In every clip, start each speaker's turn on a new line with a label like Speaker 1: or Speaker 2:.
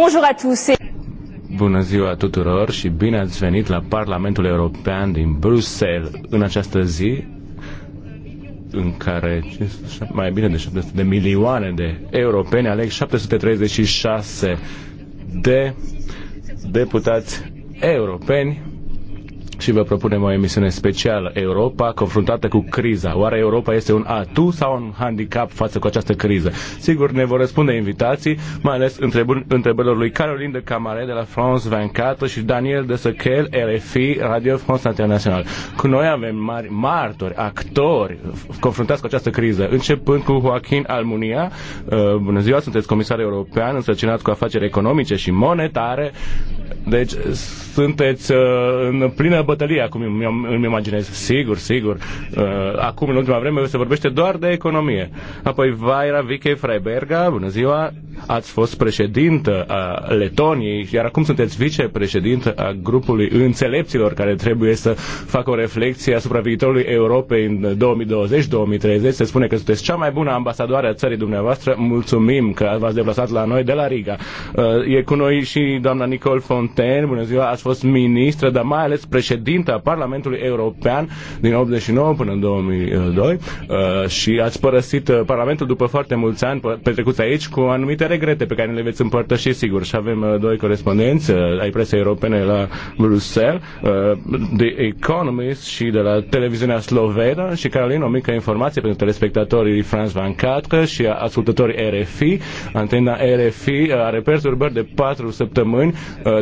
Speaker 1: Bonjour à tous.
Speaker 2: Bună ziua tuturor și bine ați venit la Parlamentul European din Bruxelles în această zi în care mai bine de 700 de milioane de europeni aleg 736 de deputați europeni și vă propunem o emisiune specială. Europa confruntată cu criza. Oare Europa este un atu sau un handicap față cu această criză? Sigur, ne vor răspunde invitații, mai ales întrebărilor lui Caroline de Camare de la France 24 și Daniel de Săchel, RFI, Radio France International. Cu noi avem mari martori, actori confruntați cu această criză, începând cu Joaquin Almunia. Uh, bună ziua, sunteți comisar european, însărcinat cu afaceri economice și monetare deci sunteți uh, în plină bătălie acum, îmi imaginez. Sigur, sigur. Uh, acum, în ultima vreme, se vorbește doar de economie. Apoi, Vaira Vike Freiberga, bună ziua, ați fost președintă a Letoniei, iar acum sunteți vicepreședintă a grupului înțelepților care trebuie să facă o reflexie asupra viitorului Europei în 2020-2030. Se spune că sunteți cea mai bună ambasadoare a țării dumneavoastră. Mulțumim că v-ați deplasat la noi de la Riga. Uh, e cu noi și doamna Nicole Font intern, bună ziua, ați fost ministră, dar mai ales a Parlamentului European din 89 până în 2002 uh, și ați părăsit uh, Parlamentul după foarte mulți ani petrecuți aici cu anumite regrete pe care le veți împărtăși, sigur. Și avem uh, doi corespondenți ai presei europene la Bruxelles, The Economist și de la televiziunea slovenă și Carolina, o mică informație pentru telespectatorii France 24 și ascultătorii RFI. Antena RFI are perturbări de patru săptămâni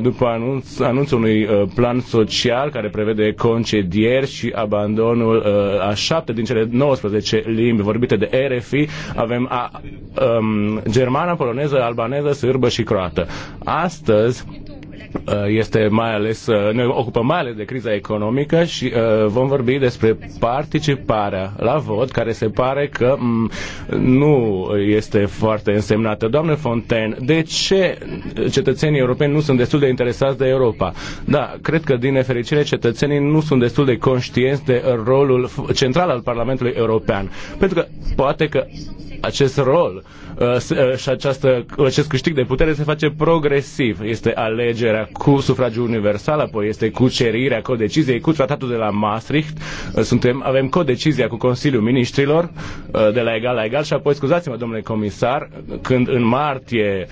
Speaker 2: după după anunț, anunțul unui uh, plan social care prevede concedieri și abandonul uh, a șapte din cele 19 limbi vorbite de RFI, avem a, um, germană, poloneză, albaneză, sârbă și croată. Astăzi, Uh, este mai ales, uh, ne ocupăm mai ales de criza economică și uh, vom vorbi despre participarea la vot, care se pare că mm, nu este foarte însemnată. Doamne Fontaine, de ce cetățenii europeni nu sunt destul de interesați de Europa? Da, cred că din nefericire cetățenii nu sunt destul de conștienți de rolul central al Parlamentului European. Pentru că poate că acest rol și această, acest câștig de putere se face progresiv. Este alegerea alegerea cu sufragiu universal, apoi este cu cu codeciziei, cu tratatul de la Maastricht. Suntem, avem codecizia cu Consiliul Ministrilor uh, de la egal la egal și apoi, scuzați-mă, domnule comisar, când în martie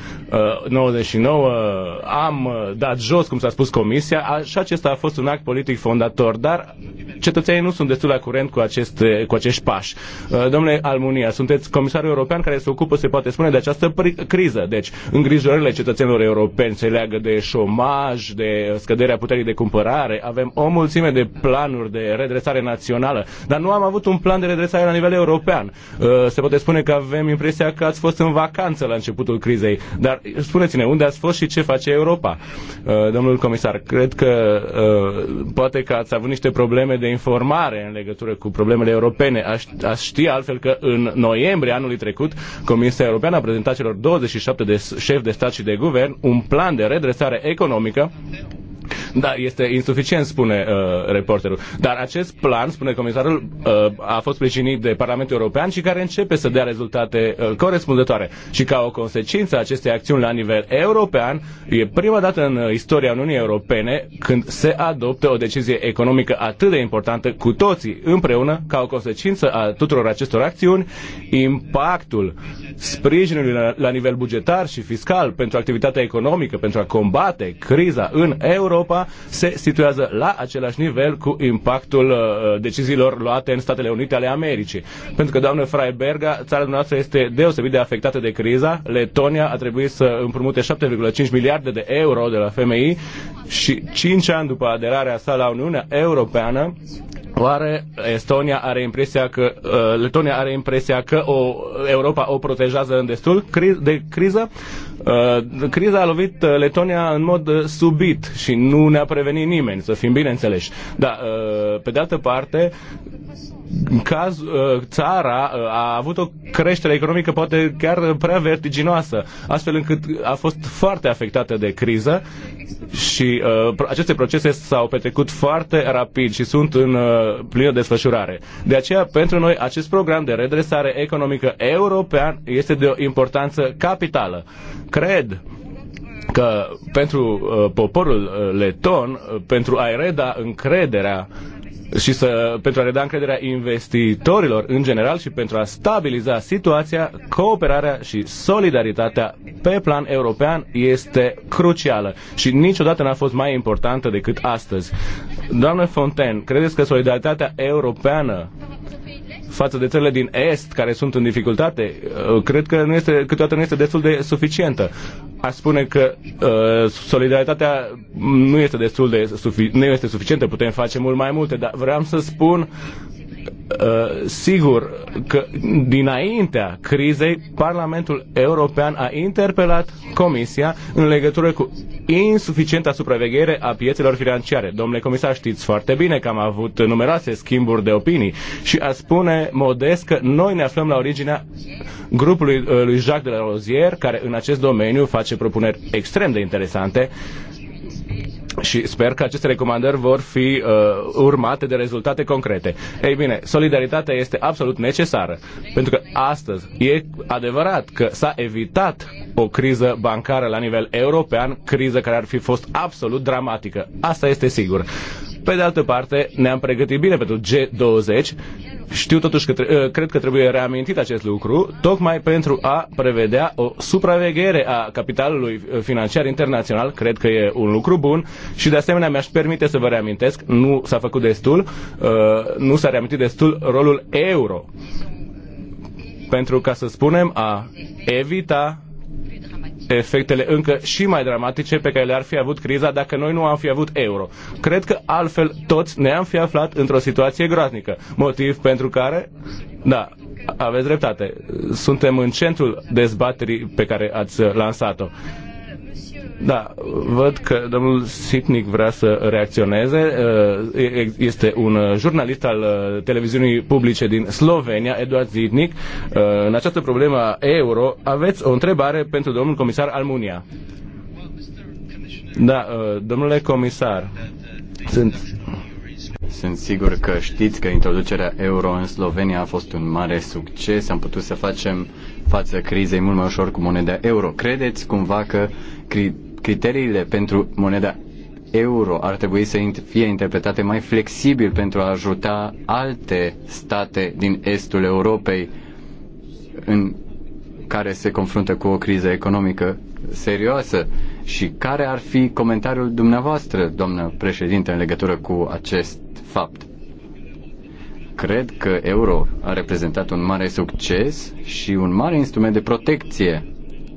Speaker 2: 99 uh, am uh, dat jos, cum s-a spus, comisia, și acesta a fost un act politic fondator, dar cetățenii nu sunt destul la curent cu, aceste, cu acești pași. Uh, domnule Almunia, sunteți comisarul european care se ocupă, se poate spune, de această criză. Deci, îngrijorările cetățenilor europeni se leagă de șomaj, de scăderea puterii de cumpărare. Avem o mulțime de planuri de redresare națională, dar nu am avut un plan de redresare la nivel european. Uh, se poate spune că avem impresia că ați fost în vacanță la începutul crizei, dar spuneți-ne unde ați fost și ce face Europa. Uh, domnul comisar, cred că poate că ați avut niște probleme de informare în legătură cu problemele europene. Aș, aș ști altfel că în noiembrie anului trecut Comisia Europeană a prezentat celor 27 de șefi de stat și de guvern un plan de redresare economică da, este insuficient, spune uh, reporterul. Dar acest plan, spune comisarul, uh, a fost sprijinit de Parlamentul European și care începe să dea rezultate uh, corespunzătoare. Și ca o consecință a acestei acțiuni la nivel european, e prima dată în uh, istoria Uniunii Europene când se adoptă o decizie economică atât de importantă cu toții împreună, ca o consecință a tuturor acestor acțiuni, impactul sprijinului la, la nivel bugetar și fiscal pentru activitatea economică, pentru a combate criza în euro Europa se situează la același nivel cu impactul uh, deciziilor luate în Statele Unite ale Americii. Pentru că, doamnă Freiberga, țara dumneavoastră este deosebit de afectată de criza. Letonia a trebuit să împrumute 7,5 miliarde de euro de la FMI și 5 ani după aderarea sa la Uniunea Europeană, Oare Estonia are impresia că, uh, Letonia are impresia că o, Europa o protejează în destul cri- de criză? Uh, criza a lovit uh, Letonia în mod uh, subit și nu ne-a prevenit nimeni, să fim bineînțeleși. Dar, uh, pe de altă parte, caz, uh, țara uh, a avut o creștere economică poate chiar prea vertiginoasă, astfel încât a fost foarte afectată de criză și uh, aceste procese s-au petrecut foarte rapid și sunt în uh, plină desfășurare. De aceea, pentru noi, acest program de redresare economică european este de o importanță capitală. Cred că pentru uh, poporul uh, leton, pentru a-i reda încrederea și să, pentru a reda încrederea investitorilor în general și pentru a stabiliza situația, cooperarea și solidaritatea pe plan european este crucială și niciodată n-a fost mai importantă decât astăzi. Doamnă Fontaine, credeți că solidaritatea europeană față de țările din Est care sunt în dificultate, uh, cred că nu este, câteodată nu este destul de suficientă. A spune că uh, solidaritatea nu este destul de nu este suficientă, putem face mult mai multe, dar vreau să spun Uh, sigur că dinaintea crizei, Parlamentul European a interpelat Comisia în legătură cu insuficienta supraveghere a piețelor financiare. Domnule comisar, știți foarte bine că am avut numeroase schimburi de opinii și a spune modest că noi ne aflăm la originea grupului uh, lui Jacques de la Rozier, care în acest domeniu face propuneri extrem de interesante. Uh, și sper că aceste recomandări vor fi uh, urmate de rezultate concrete. Ei bine, solidaritatea este absolut necesară, pentru că astăzi e adevărat că s-a evitat o criză bancară la nivel european, criză care ar fi fost absolut dramatică. Asta este sigur. Pe de altă parte, ne-am pregătit bine pentru G20. Știu totuși că uh, cred că trebuie reamintit acest lucru, tocmai pentru a prevedea o supraveghere a capitalului uh, financiar internațional. Cred că e un lucru bun și de asemenea mi-aș permite să vă reamintesc, nu s-a făcut destul, uh, nu s-a reamintit destul rolul euro. Pentru ca să spunem a evita efectele încă și mai dramatice pe care le-ar fi avut criza dacă noi nu am fi avut euro. Cred că altfel toți ne-am fi aflat într-o situație groaznică, motiv pentru care, da, aveți dreptate, suntem în centrul dezbaterii pe care ați lansat-o. Da, văd că domnul Sitnic vrea să reacționeze. Uh, este un uh, jurnalist al uh, televiziunii publice din Slovenia, Eduard Sitnic. În această problemă euro, aveți o întrebare pentru domnul comisar Almunia. Da, domnule comisar,
Speaker 1: sunt sunt sigur că știți că introducerea euro în Slovenia a fost un mare succes. Am putut să facem față crizei mult mai ușor cu moneda euro. Credeți cumva că cri- criteriile pentru moneda euro ar trebui să fie interpretate mai flexibil pentru a ajuta alte state din estul Europei în care se confruntă cu o criză economică serioasă? Și care ar fi comentariul dumneavoastră, doamnă președinte, în legătură cu acest fapt? Cred că euro a reprezentat un mare succes și un mare instrument de protecție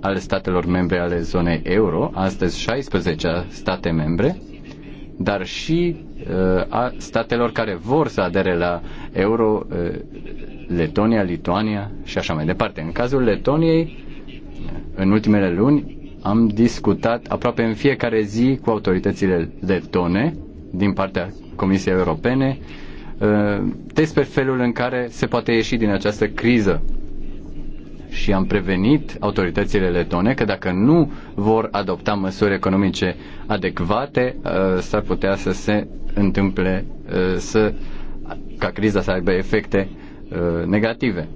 Speaker 1: al statelor membre ale zonei euro, astăzi 16 state membre, dar și uh, a statelor care vor să adere la euro, uh, Letonia, Lituania și așa mai departe. În cazul Letoniei, în ultimele luni, am discutat aproape în fiecare zi cu autoritățile letone din partea Comisiei Europene uh, despre felul în care se poate ieși din această criză. Și am prevenit autoritățile letone că dacă nu vor adopta măsuri economice adecvate, uh, s-ar putea să se întâmple uh, să, ca criza să aibă efecte negative.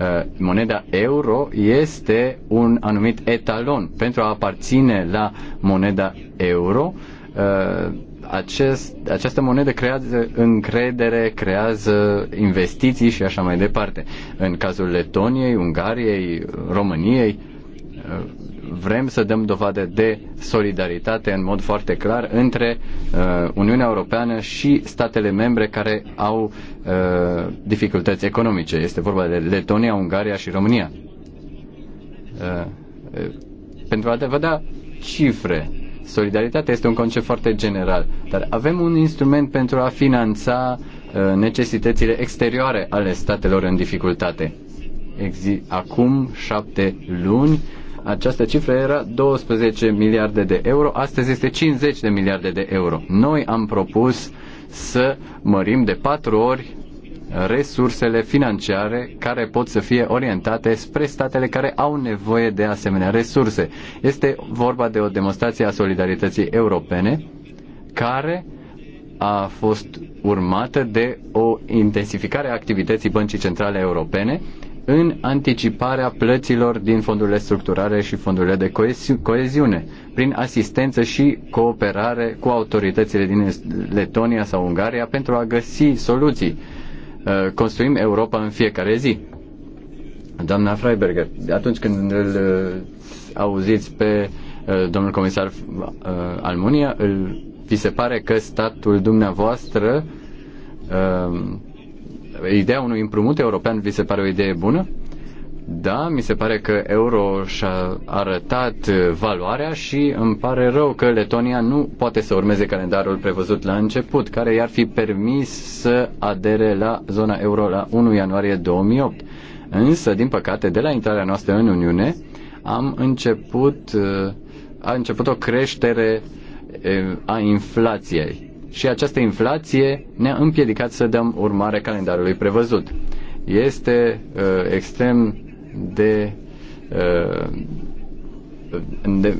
Speaker 1: Uh, moneda euro este un anumit etalon. Pentru a aparține la moneda euro, uh, acest, această monedă creează încredere, creează investiții și așa mai departe. În cazul Letoniei, Ungariei, României, uh, vrem să dăm dovadă de solidaritate în mod foarte clar între uh, Uniunea Europeană și statele membre care au uh, dificultăți economice. Este vorba de Letonia, Ungaria și România. Uh, uh, pentru a te vedea cifre, solidaritatea este un concept foarte general, dar avem un instrument pentru a finanța uh, necesitățile exterioare ale statelor în dificultate. Exi- acum șapte luni această cifră era 12 miliarde de euro, astăzi este 50 de miliarde de euro. Noi am propus să mărim de patru ori resursele financiare care pot să fie orientate spre statele care au nevoie de asemenea resurse. Este vorba de o demonstrație a solidarității europene care a fost urmată de o intensificare a activității Băncii Centrale Europene în anticiparea plăților din fondurile structurare și fondurile de coeziune, prin asistență și cooperare cu autoritățile din Letonia sau Ungaria pentru a găsi soluții. Uh, construim Europa în fiecare zi. Doamna Freiberger, atunci când îl uh, auziți pe uh, domnul comisar Almunia, îl, vi se pare că statul dumneavoastră ideea unui împrumut european vi se pare o idee bună? Da, mi se pare că euro și-a arătat valoarea și îmi pare rău că Letonia nu poate să urmeze calendarul prevăzut la început, care i-ar fi permis să adere la zona euro la 1 ianuarie 2008. Însă, din păcate, de la intrarea noastră în Uniune, am început, uh, a început o creștere uh, a inflației și această inflație ne-a împiedicat să dăm urmare calendarului prevăzut. Este uh, extrem de, uh, de.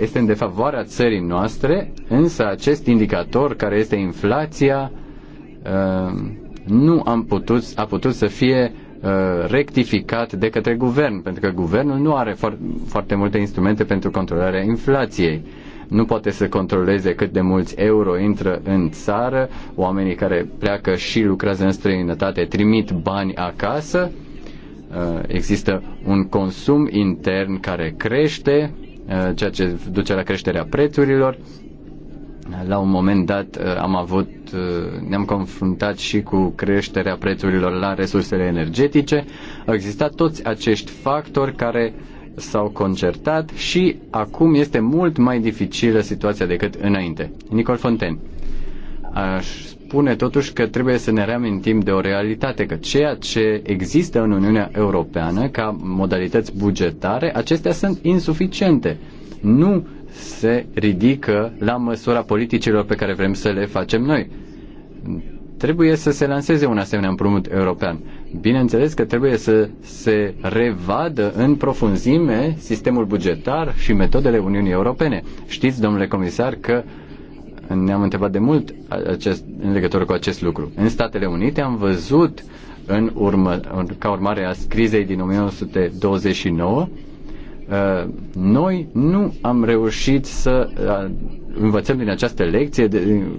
Speaker 1: este în defavoarea țării noastre, însă acest indicator, care este inflația, uh, nu am putut, a putut să fie Uh, rectificat de către guvern, pentru că guvernul nu are foarte multe instrumente pentru controlarea inflației nu poate să controleze cât de mulți euro intră în țară, oamenii care pleacă și lucrează în străinătate trimit bani acasă, uh, există un consum intern care crește, uh, ceea ce duce la creșterea prețurilor la un moment dat uh, am avut, uh, ne-am confruntat și cu creșterea prețurilor la resursele energetice. Au existat toți acești factori care s-au concertat și acum este mult mai dificilă situația decât înainte. Nicol Fonten. Aș spune totuși că trebuie să ne reamintim de o realitate, că ceea ce există în Uniunea Europeană ca modalități bugetare, acestea sunt insuficiente. Nu se ridică la măsura politicilor pe care vrem să le facem noi. Trebuie să se lanseze un asemenea împrumut european. Bineînțeles că trebuie să se revadă în profunzime sistemul bugetar și metodele Uniunii Europene. Știți, domnule comisar, că ne-am întrebat de mult acest, în legătură cu acest lucru. În Statele Unite am văzut în urmă, ca urmare a crizei din 1929 Uh, noi nu am reușit să uh, învățăm din această lecție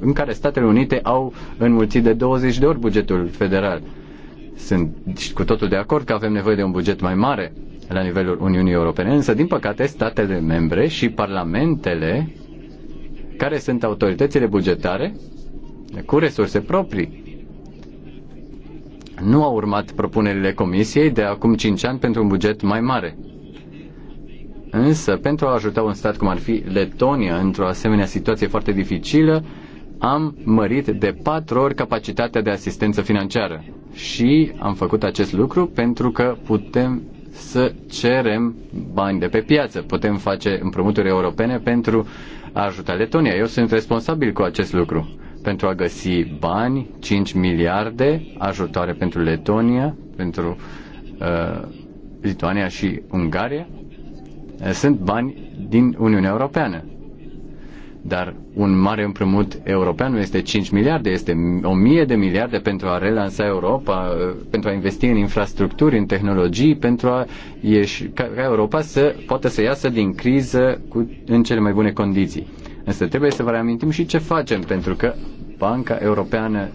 Speaker 1: în care Statele Unite au înmulțit de 20 de ori bugetul federal. Sunt cu totul de acord că avem nevoie de un buget mai mare la nivelul Uniunii Europene, însă, din păcate, statele membre și parlamentele, care sunt autoritățile bugetare, cu resurse proprii, nu au urmat propunerile Comisiei de acum 5 ani pentru un buget mai mare Însă, pentru a ajuta un stat cum ar fi Letonia într-o asemenea situație foarte dificilă, am mărit de patru ori capacitatea de asistență financiară. Și am făcut acest lucru pentru că putem să cerem bani de pe piață. Putem face împrumuturi europene pentru a ajuta Letonia. Eu sunt responsabil cu acest lucru. Pentru a găsi bani, 5 miliarde, ajutoare pentru Letonia, pentru uh, Lituania și Ungaria Eh, sunt bani din Uniunea Europeană. Dar un mare împrumut european nu este 5 miliarde, este 1000 de miliarde pentru a relansa Europa, eh, pentru a investi în infrastructuri, în tehnologii, pentru a ieși, ca Europa să poată să iasă din criză cu, în cele mai bune condiții. Însă trebuie să vă reamintim și ce facem, pentru că Banca Europeană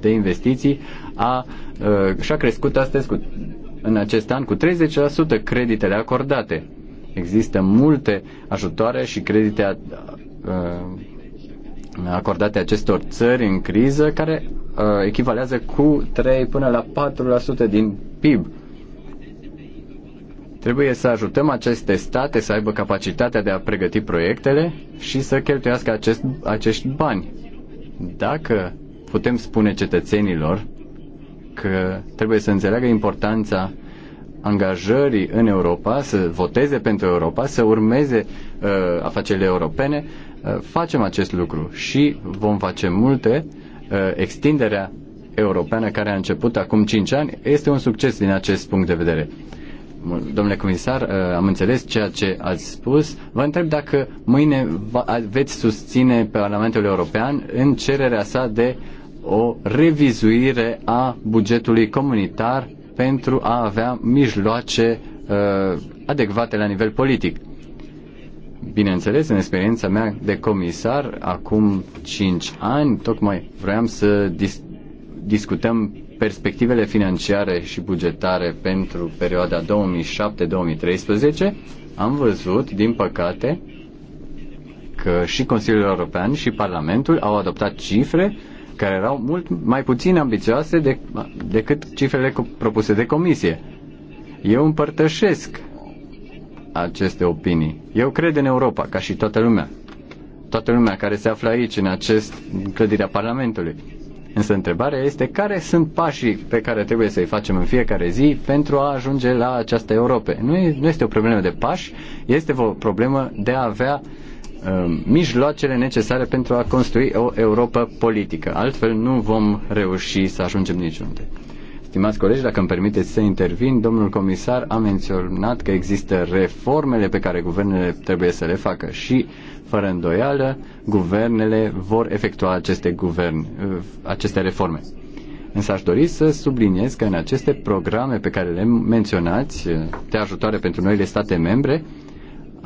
Speaker 1: de Investiții a, eh, și-a crescut astăzi cu, în acest an cu 30% creditele acordate Există multe ajutoare și credite uh, acordate acestor țări în criză care uh, echivalează cu 3 până la 4% din PIB. Trebuie să ajutăm aceste state să aibă capacitatea de a pregăti proiectele și să cheltuiască acest, acești bani. Dacă putem spune cetățenilor că trebuie să înțeleagă importanța angajării în Europa, să voteze pentru Europa, să urmeze uh, afacerile europene, uh, facem acest lucru și vom face multe. Uh, extinderea europeană care a început acum 5 ani este un succes din acest punct de vedere. Domnule comisar, uh, am înțeles ceea ce ați spus. Vă întreb dacă mâine veți susține Parlamentul European în cererea sa de o revizuire a bugetului comunitar pentru a avea mijloace uh, adecvate la nivel politic. Bineînțeles, în experiența mea de comisar, acum 5 ani, tocmai vroiam să dis- discutăm perspectivele financiare și bugetare pentru perioada 2007-2013, am văzut, din păcate, că și Consiliul European și Parlamentul au adoptat cifre uh, care erau mult mai puțin ambițioase de, decât cifrele propuse de comisie. Eu împărtășesc aceste opinii. Eu cred în Europa, ca și toată lumea. Toată lumea care se află aici, în acest în clădirea Parlamentului. Însă întrebarea este care sunt pașii pe care trebuie să-i facem în fiecare zi pentru a ajunge la această Europa. Nu, e, nu este o problemă de pași, este o problemă de a avea uh, Um, mijloacele necesare pentru a construi o Europa politică. Altfel nu vom reuși să ajungem niciunde. Stimați colegi, dacă îmi permiteți să intervin, domnul comisar a menționat că există reformele pe care guvernele trebuie să le facă și, fără îndoială, guvernele vor efectua aceste, guvern, uh, aceste reforme. Însă aș dori să subliniez că în aceste programe pe care le menționați, uh, de ajutoare pentru noile state membre,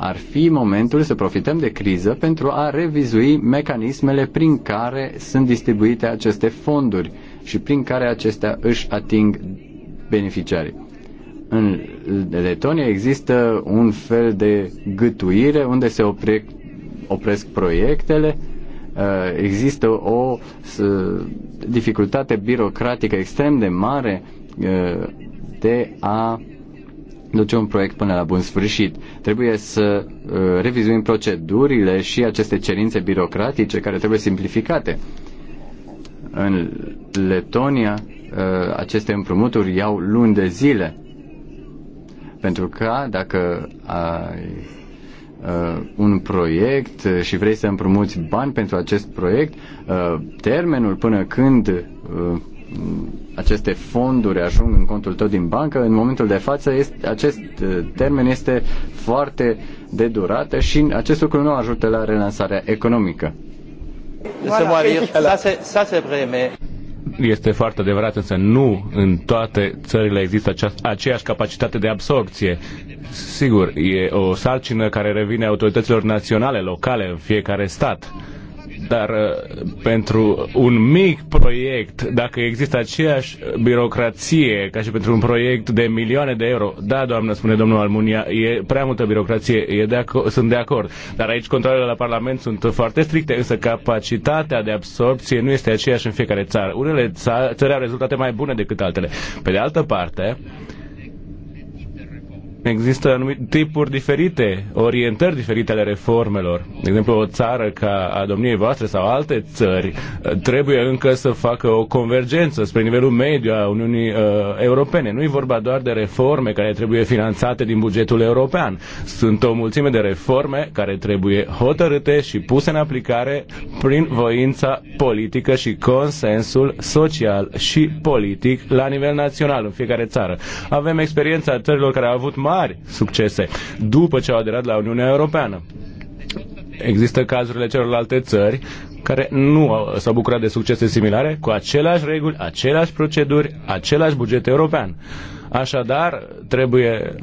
Speaker 1: ar fi momentul să profităm de criză pentru a revizui mecanismele prin care sunt distribuite aceste fonduri și prin care acestea își ating beneficiarii. În Letonia există un fel de gătuire unde se opre, opresc proiectele, uh, există o uh, dificultate birocratică extrem de mare uh, de a duce un proiect până la bun sfârșit. Trebuie să uh, revizuim procedurile și aceste cerințe birocratice care trebuie simplificate. În Letonia, uh, aceste împrumuturi iau luni de zile. Pentru că dacă ai uh, un proiect și vrei să împrumuți bani pentru acest proiect, termenul până când aceste fonduri ajung în contul tău din bancă, în momentul de față este, acest uh, termen este foarte de durată și acest lucru nu ajută la relansarea economică.
Speaker 2: Este foarte adevărat, însă nu în toate țările există aceeași capacitate de absorpție. Sigur, e o sarcină care revine autorităților naționale, locale, în fiecare stat dar uh, pentru un mic proiect, dacă există aceeași birocrație ca și pentru un proiect de milioane de euro, da, doamnă, spune domnul Almunia, e prea multă birocrație, e de sunt de acord. Dar aici controlele la Parlament sunt foarte stricte, însă capacitatea de absorpție nu este aceeași în fiecare țară. Unele țări au rezultate mai bune decât altele. Pe de altă parte, Există anumite tipuri diferite, orientări diferite ale reformelor. De exemplu, o țară ca a domniei voastre sau alte țări uh, trebuie încă să facă o convergență spre nivelul mediu a Uniunii uh, Europene. Nu e vorba doar de reforme care trebuie finanțate din bugetul european. Sunt o mulțime de reforme care trebuie hotărâte și puse în aplicare prin voința politică și consensul social și politic la nivel național în fiecare țară. Avem experiența țărilor care au avut mai mari succese după ce au aderat la Uniunea Europeană. Există cazurile celorlalte țări care nu s-au bucurat de succese similare, cu aceleași reguli, aceleași proceduri, același buget european. Așadar, trebuie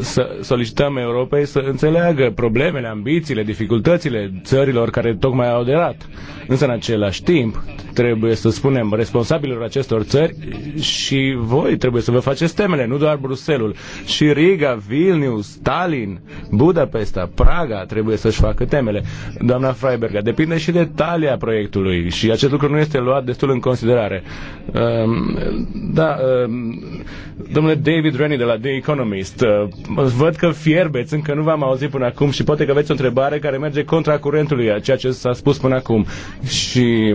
Speaker 2: să solicităm Europei să înțeleagă problemele, ambițiile, dificultățile țărilor care tocmai au aderat. Însă, în același timp, trebuie să spunem responsabililor acestor țări și voi trebuie să vă faceți temele, nu doar Bruselul. Și Riga, Vilnius, Tallinn, Budapesta, Praga trebuie să-și facă temele. Doamna Freiberga, depinde și de talia proiectului și acest lucru nu este luat destul în considerare. Um, da, um, domnule David Rennie de la The Economist, văd că fierbeți, încă nu v-am auzit până acum și poate că aveți o întrebare care merge contra curentului a ceea ce s-a spus până acum. Și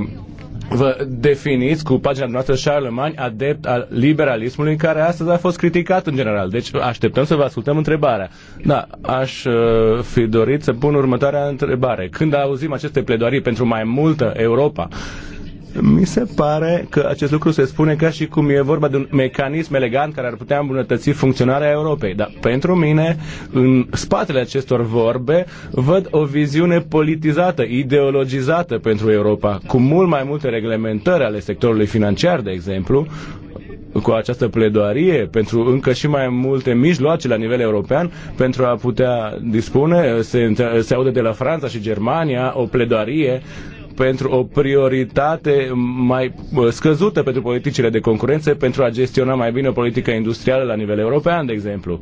Speaker 2: vă definiți cu pagina noastră Charlemagne adept al liberalismului care astăzi a fost criticat în general. Deci așteptăm să vă ascultăm întrebarea. Da, aș uh, fi dorit să pun următoarea întrebare. Când auzim aceste pledoarii pentru mai multă Europa, uh, mi se pare că acest lucru se spune ca și cum e vorba de un mecanism elegant care ar putea îmbunătăți funcționarea Europei. Dar pentru mine, în spatele acestor vorbe, văd o viziune politizată, ideologizată pentru Europa, cu mult mai multe reglementări ale sectorului financiar, de exemplu, cu această pledoarie pentru încă și mai multe mijloace la nivel european pentru a putea dispune, se, se aude de la Franța și Germania o pledoarie pentru o prioritate mai uh, scăzută pentru politicile de concurență, pentru a gestiona mai bine o politică industrială la nivel european, de exemplu.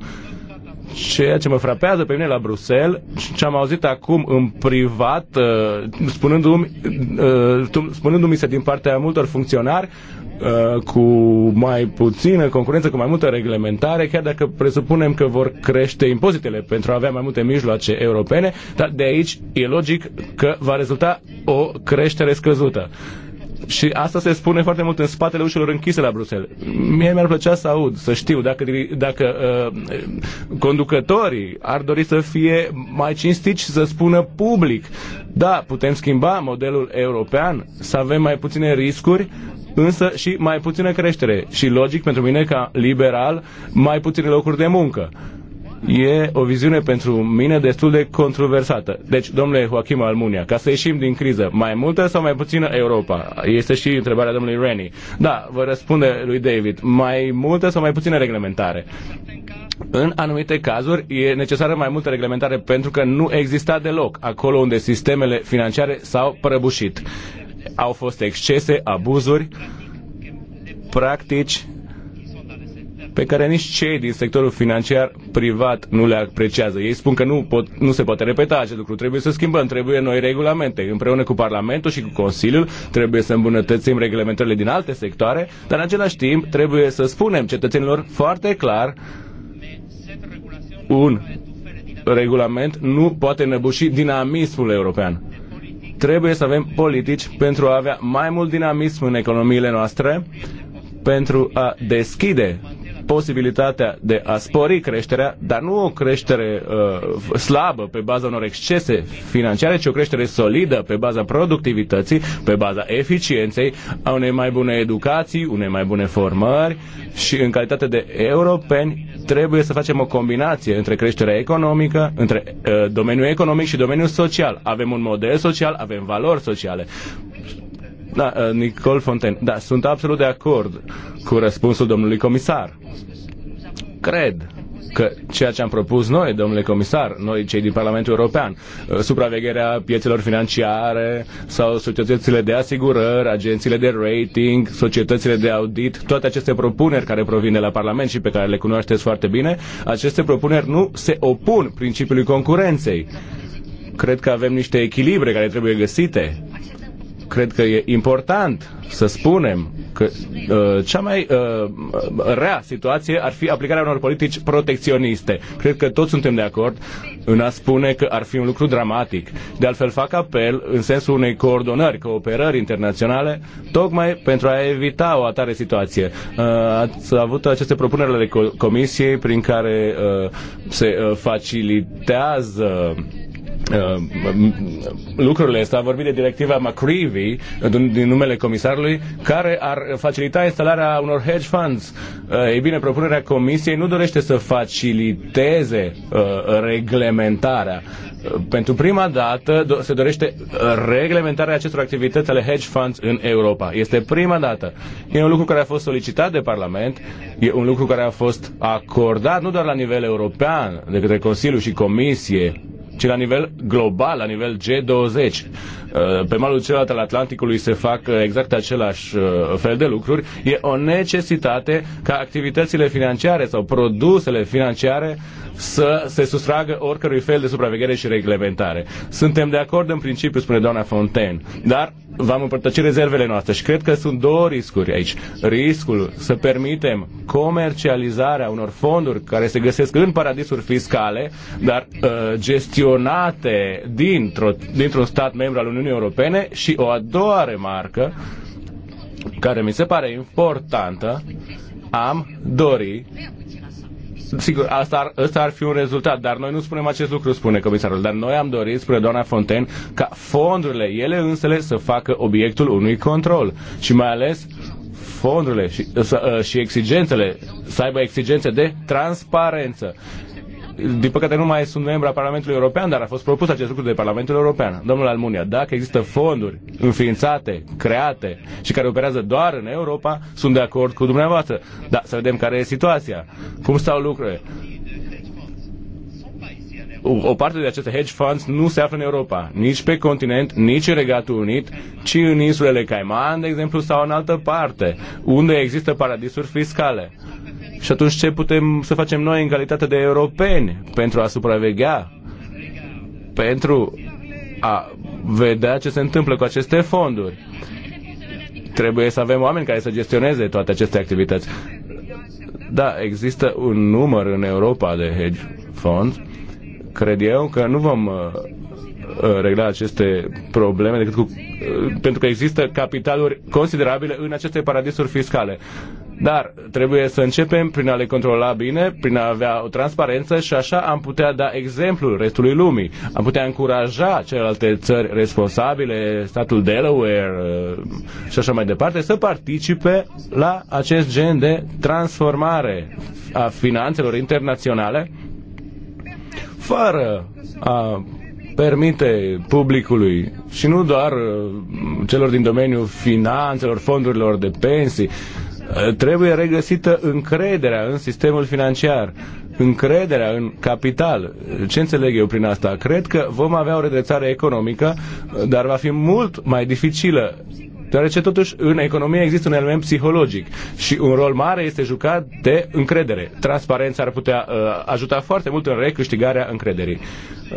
Speaker 2: Ceea ce mă frapează pe mine la Bruxelles și ce am auzit acum în privat, uh, spunându-mi, uh, spunându-mi se din partea multor funcționari, uh, cu mai puțină concurență, cu mai multă reglementare, chiar dacă presupunem că vor crește impozitele pentru a avea mai multe mijloace europene, dar de aici e logic că va rezulta o creștere scăzută. Și asta se spune foarte mult în spatele ușilor închise la Bruxelles. Mie mi-ar plăcea să aud, să știu dacă, dacă uh, conducătorii ar dori să fie mai cinstiți și să spună public, da, putem schimba modelul european, să avem mai puține riscuri, însă și mai puțină creștere. Și logic pentru mine ca liberal, mai puține locuri de muncă e o viziune pentru mine destul de controversată. Deci, domnule Joachim Almunia, ca să ieșim din criză, mai multă sau mai puțină Europa? Este și întrebarea domnului Rennie. Da, vă răspunde lui David, mai multă sau mai puțină reglementare? În anumite cazuri e necesară mai multă reglementare pentru că nu exista deloc acolo unde sistemele financiare s-au prăbușit. Au fost excese, abuzuri, practici pe care nici cei din sectorul financiar privat nu le apreciază. Ei spun că nu, pot, nu se poate repeta acest lucru, trebuie să schimbăm, trebuie noi regulamente. Împreună cu Parlamentul și cu Consiliul trebuie să îmbunătățim reglementările din alte sectoare, dar în același timp trebuie să spunem cetățenilor foarte clar un regulament nu poate năbuși dinamismul european. Trebuie să avem politici pentru a avea mai mult dinamism în economiile noastre, pentru a deschide posibilitatea de a spori creșterea, dar nu o creștere uh, slabă pe baza unor excese financiare, ci o creștere solidă pe baza productivității, pe baza eficienței, a unei mai bune educații, unei mai bune formări și în calitate de europeni trebuie să facem o combinație între creșterea economică, între uh, domeniul economic și domeniul social. Avem un model social, avem valori sociale. Da, uh, Nicol Fonten, da, sunt absolut de acord cu răspunsul domnului comisar. Cred că ceea ce am propus noi, domnule comisar, noi cei din Parlamentul European, uh, supravegherea piețelor financiare sau societățile de asigurări, agențiile de rating, societățile de audit, toate aceste propuneri care provin de la Parlament și pe care le cunoașteți foarte bine, aceste propuneri nu se opun principiului concurenței. Cred că avem niște echilibre care trebuie găsite cred că e important să spunem că uh, cea mai uh, rea situație ar fi aplicarea unor politici protecționiste. Cred că toți suntem de acord în a spune că ar fi un lucru dramatic. De altfel fac apel în sensul unei coordonări, cooperări internaționale, tocmai pentru a evita o atare situație. Uh, ați avut aceste propuneri ale Comisiei prin care uh, se uh, facilitează uh, Uh, lucrurile astea. A vorbit de directiva McCreevy uh, din numele comisarului care ar facilita instalarea unor hedge funds. Uh, ei bine, propunerea comisiei nu dorește să faciliteze reglementarea. Pentru prima dată se dorește reglementarea acestor activități ale hedge funds în Europa. Este prima dată. E un lucru care a fost solicitat de Parlament, e un lucru care a fost acordat nu doar la nivel european, de către Consiliu și Comisie, ci la nivel global, la nivel G20. Eh, pe malul celălalt al Atlanticului se fac eh, exact același eh, fel de lucruri, e o necesitate ca activitățile financiare sau produsele financiare să se sustragă oricărui fel de supraveghere și reglementare. Suntem de acord în principiu, spune doamna Fontaine, dar v-am împărtăcit rezervele noastre și cred că sunt două riscuri aici. Riscul să permitem comercializarea unor fonduri care se găsesc în paradisuri fiscale, dar uh, gestionate dintr un dintr-un stat membru al Uniunii Uniunii Europene și o a doua remarcă care mi se pare importantă, am dori Sigur, asta ar, asta ar fi un rezultat, dar noi nu spunem acest lucru, spune comisarul, dar noi am dorit, spre doamna Fontaine, ca fondurile, ele însele, să facă obiectul unui control și mai ales fondurile și, să, ă, și exigențele, să aibă exigențe de transparență din păcate nu mai sunt membru al Parlamentului European, dar a fost propus acest lucru de Parlamentul European. Domnul Almunia, dacă există fonduri înființate, create și care operează doar în Europa, sunt de acord cu dumneavoastră. Dar să vedem care e situația, cum stau lucrurile. O, parte de aceste hedge funds nu se află în Europa, nici pe continent, nici în Regatul Unit, ci în insulele Cayman, de exemplu, sau în altă parte, unde există paradisuri fiscale. Și atunci ce putem să facem noi în calitate de europeni pentru a supraveghea, pentru a vedea ce se întâmplă cu aceste fonduri? Trebuie să avem oameni care să gestioneze toate aceste activități. Da, există un număr în Europa de hedge funds. Cred eu că nu vom uh, uh, regla aceste probleme decât cu, uh, pentru că există capitaluri considerabile în aceste paradisuri fiscale. Dar trebuie să începem prin a le controla bine, prin a avea o transparență și așa am putea da exemplul restului lumii. Am putea încuraja celelalte țări responsabile, statul Delaware uh, și așa mai departe, să participe la acest gen de transformare a finanțelor internaționale fără a permite publicului și nu doar uh, celor din domeniul finanțelor, fondurilor de pensii, Eh, trebuie regăsită încrederea în sistemul financiar, încrederea în capital. Ce înțeleg eu prin asta? Cred că vom avea o redrețare economică, eh, dar va fi mult mai dificilă deoarece totuși în economie există un element psihologic și un rol mare este jucat de încredere. Transparența ar putea uh, ajuta foarte mult în recâștigarea încrederii.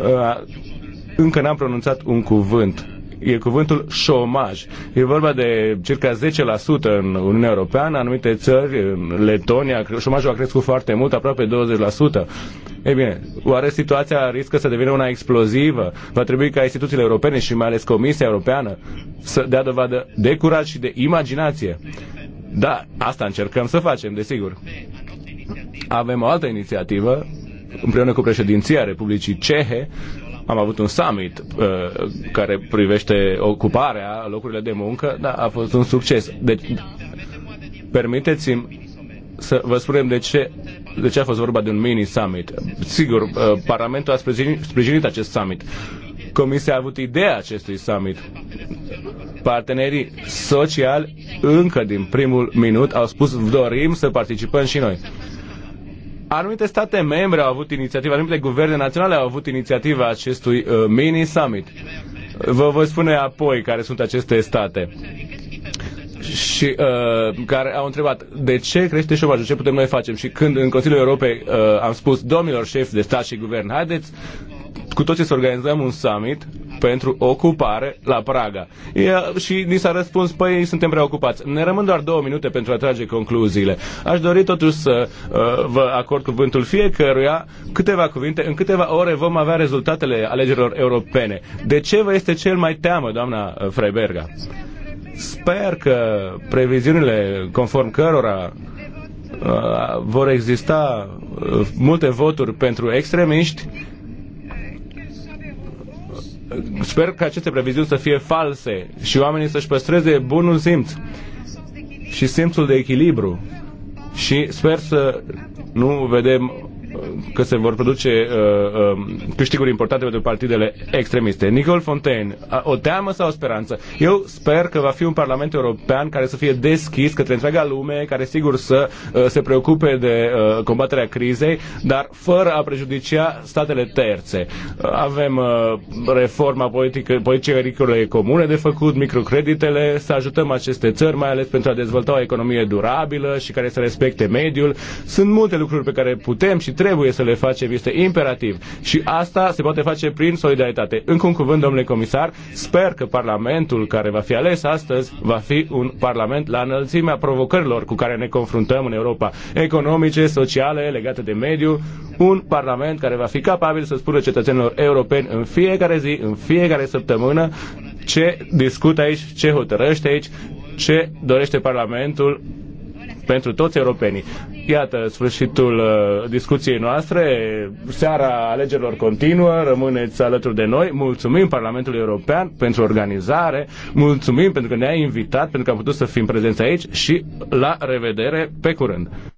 Speaker 2: Uh, încă n-am pronunțat un cuvânt e cuvântul șomaj. E vorba de circa 10% în Uniunea Europeană, anumite țări, în Letonia, șomajul a crescut foarte mult, aproape 20%. Ei bine, oare situația riscă să devină una explozivă? Va trebui ca instituțiile europene și mai ales Comisia Europeană să dea dovadă de curaj și de imaginație. Da, asta încercăm să facem, desigur. Avem o altă inițiativă împreună cu președinția Republicii Cehe am avut un summit uh, care privește ocuparea, locurile de muncă, dar a fost un succes. Deci, permiteți-mi să vă spunem de ce, de ce a fost vorba de un mini-summit. Sigur, uh, Parlamentul a sprijinit, sprijinit acest summit. Comisia a avut ideea acestui summit. Partenerii sociali încă din primul minut au spus dorim să participăm și noi. Anumite state membre au avut inițiativa, anumite guverne naționale au avut inițiativa acestui uh, mini-summit. Vă voi spune apoi care sunt aceste state și uh, care au întrebat de ce crește șomajul, ce putem noi facem și când în Consiliul Europei uh, am spus domnilor șefi de stat și guvern, haideți cu toții să organizăm un summit pentru ocupare la Praga. Ia și ni s-a răspuns, păi suntem preocupați. Ne rămân doar două minute pentru a trage concluziile. Aș dori totuși să uh, vă acord cuvântul fiecăruia câteva cuvinte. În câteva ore vom avea rezultatele alegerilor europene. De ce vă este cel mai teamă, doamna Freiberga? Sper că previziunile conform cărora uh, vor exista uh, multe voturi pentru extremiști, sper că aceste previziuni să fie false și oamenii să-și păstreze bunul simț și simțul de echilibru. Și sper să nu vedem că se vor produce uh, uh, câștiguri importante pentru partidele extremiste. Nicol Fontaine, o teamă sau o speranță? Eu sper că va fi un Parlament European care să fie deschis către întreaga lume, care sigur să uh, se preocupe de uh, combaterea crizei, dar fără a prejudicia statele terțe. Uh, avem uh, reforma politică, politicii agricole comune de făcut, microcreditele, să ajutăm aceste țări, mai ales pentru a dezvolta o economie durabilă și care să respecte mediul. Sunt multe lucruri pe care putem și trebuie să le facem, este imperativ. Și asta se poate face prin solidaritate. Încă un cuvânt, domnule comisar, sper că Parlamentul care va fi ales astăzi va fi un Parlament la înălțimea provocărilor cu care ne confruntăm în Europa, economice, sociale, legate de mediu, un Parlament care va fi capabil să spună cetățenilor europeni în fiecare zi, în fiecare săptămână, ce discută aici, ce hotărăște aici, ce dorește Parlamentul pentru toți europenii. Iată sfârșitul uh, discuției noastre. Seara alegerilor continuă. Rămâneți alături de noi. Mulțumim Parlamentului European pentru organizare. Mulțumim pentru că ne-a invitat, pentru că am putut să fim prezenți aici și la revedere pe curând.